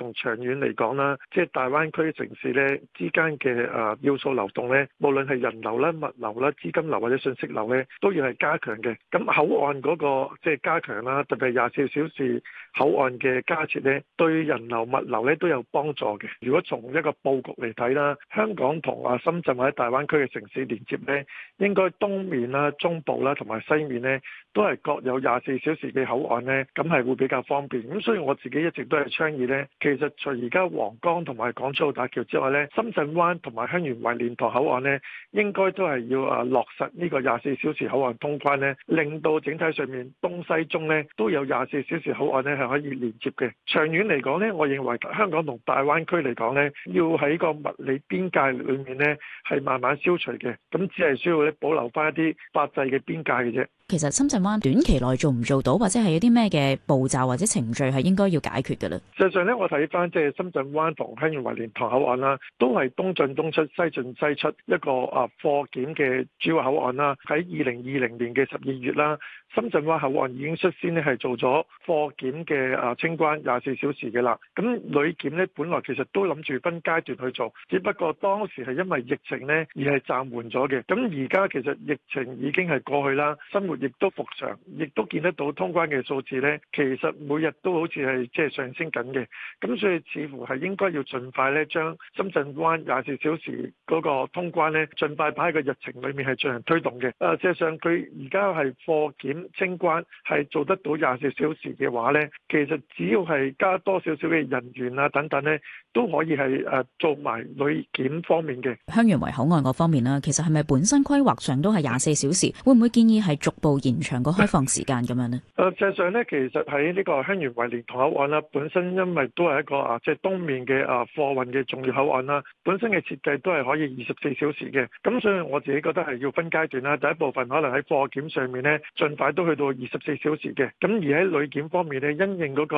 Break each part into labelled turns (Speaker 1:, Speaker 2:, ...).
Speaker 1: 從長遠嚟講啦，即係大灣區城市咧之間嘅誒要素流動咧，無論係人流啦、物流啦、資金流或者信息流咧，都要係加強嘅。咁口岸嗰個即係加強啦，特別係廿四小時口岸嘅加設咧，對人流、物流咧都有幫助嘅。如果從一個佈局嚟睇啦，香港同啊深圳或者大灣區嘅城市連接咧，應該東面啦、中部啦同埋西面咧，都係各有廿四小時嘅口岸咧，咁係會比較方便。咁所以我自己一直都係倡議咧。其實除而家皇崗同埋港珠澳大橋之外咧，深圳灣同埋香園圍、蓮塘口岸咧，應該都係要啊落實呢個廿四小時口岸通關咧，令到整體上面東西中咧都有廿四小時口岸咧係可以連接嘅。長遠嚟講咧，我認為香港同大灣區嚟講咧，要喺個物理邊界裏面咧係慢慢消除嘅，咁只係需要咧保留翻一啲法制嘅邊界嘅啫。
Speaker 2: 其實深圳灣短期內做唔做到，或者係有啲咩嘅步驟或者程序係應該要解決噶啦。
Speaker 1: 事實上咧，我睇翻即係深圳灣、香園圍、蓮塘口岸啦，都係東進東出、西進西出一個啊貨檢嘅主要口岸啦。喺二零二零年嘅十二月啦，深圳灣口岸已經率先咧係做咗貨檢嘅啊清關廿四小時嘅啦。咁旅檢咧本來其實都諗住分階段去做，只不過當時係因為疫情咧而係暫緩咗嘅。咁而家其實疫情已經係過去啦，生活，亦都復常，亦都見得到通關嘅數字咧。其實每日都好似係即係上升緊嘅。咁所以似乎係應該要盡快咧，將深圳灣廿四小時嗰個通關咧，盡快擺喺個日程裏面係進行推動嘅。誒、啊，事實上佢而家係貨檢清關係做得到廿四小時嘅話咧，其實只要係加多少少嘅人員啊等等咧，都可以係誒做埋旅檢方面嘅。
Speaker 2: 香園圍口岸嗰方面啦，其實係咪本身規劃上都係廿四小時會唔會建議係逐步？延長個開放時間咁樣呢？誒，
Speaker 1: 事實上咧，其實喺呢個香園圍蓮塘口岸啦，本身因為都係一個啊，即係東面嘅啊貨運嘅重要口岸啦，本身嘅設計都係可以二十四小時嘅。咁所以我自己覺得係要分階段啦，第一部分可能喺貨檢上面咧，盡快都去到二十四小時嘅。咁而喺旅檢方面咧，因應嗰個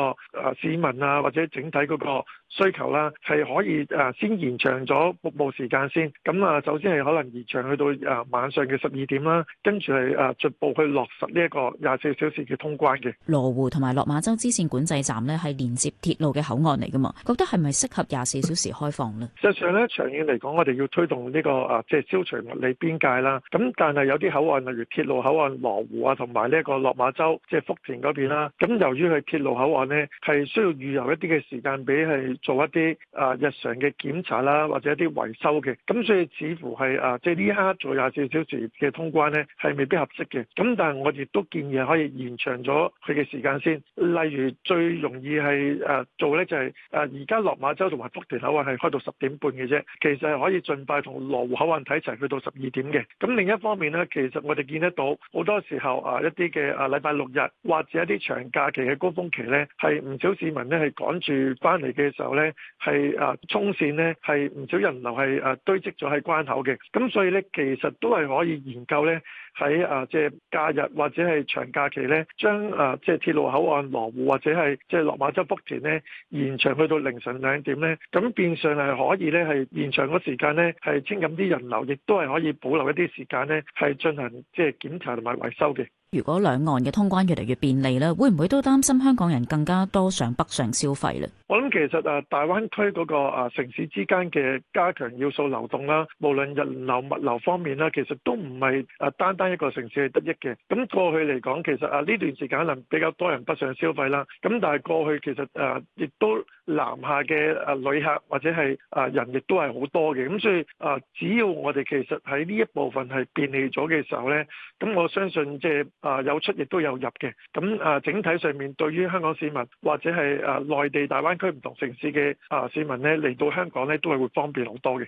Speaker 1: 誒市民啊或者整體嗰個需求啦，係可以誒先延長咗服務時間先。咁啊，首先係可能延長去到誒晚上嘅十二點啦，跟住係誒逐步去落實呢一個廿四小時嘅通關嘅。
Speaker 2: 羅湖同埋落馬洲支線管制站咧，係連接鐵路嘅口岸嚟噶嘛？覺得係咪適合廿四小時開放呢？
Speaker 1: 事實上咧，長遠嚟講，我哋要推動呢個啊，即係消除物理邊界啦。咁但係有啲口岸例如鐵路口岸羅湖啊，同埋呢一個落馬洲即係福田嗰邊啦。咁由於係鐵路口岸咧，係需要預留一啲嘅時間俾係做一啲啊日常嘅檢查啦，或者一啲維修嘅。咁所以似乎係啊，即係呢一刻做廿四小時嘅通關咧，係未必合適嘅。咁但係我亦都建議可以延長咗佢嘅時間先，例如最容易係誒做呢，就係誒而家落馬洲同埋福田口岸係開到十點半嘅啫，其實係可以盡快同羅湖口岸睇齊去到十二點嘅。咁另一方面呢，其實我哋見得到好多時候啊，一啲嘅啊禮拜六日或者一啲長假期嘅高峰期呢，係唔少市民呢係趕住翻嚟嘅時候呢，係誒衝線呢，係唔少人流係誒堆積咗喺關口嘅。咁所以呢，其實都係可以研究呢，喺即係假日或者係長假期咧，將誒即係鐵路口岸羅湖或者係即係落馬洲福田咧，延長去到凌晨兩點咧，咁變相係可以咧，係延長個時間咧，係清減啲人流，亦都係可以保留一啲時間咧，係進行即係檢查同埋維修嘅。
Speaker 2: 如果兩岸嘅通關越嚟越便利咧，會唔會都擔心香港人更加多上北上消費咧？
Speaker 1: 我諗其實誒、啊、大灣區嗰個、啊、城市之間嘅加強要素流動啦、啊，無論人流物流方面啦、啊，其實都唔係誒單單一個城市係得益。嘅咁過去嚟講，其實啊呢段時間可能比較多人北上消費啦。咁但係過去其實誒亦都南下嘅誒旅客或者係啊人亦都係好多嘅。咁所以啊，只要我哋其實喺呢一部分係便利咗嘅時候呢，咁我相信即係啊有出亦都有入嘅。咁啊整體上面對於香港市民或者係啊內地大灣區唔同城市嘅啊市民呢，嚟到香港呢，都係會方便好多嘅。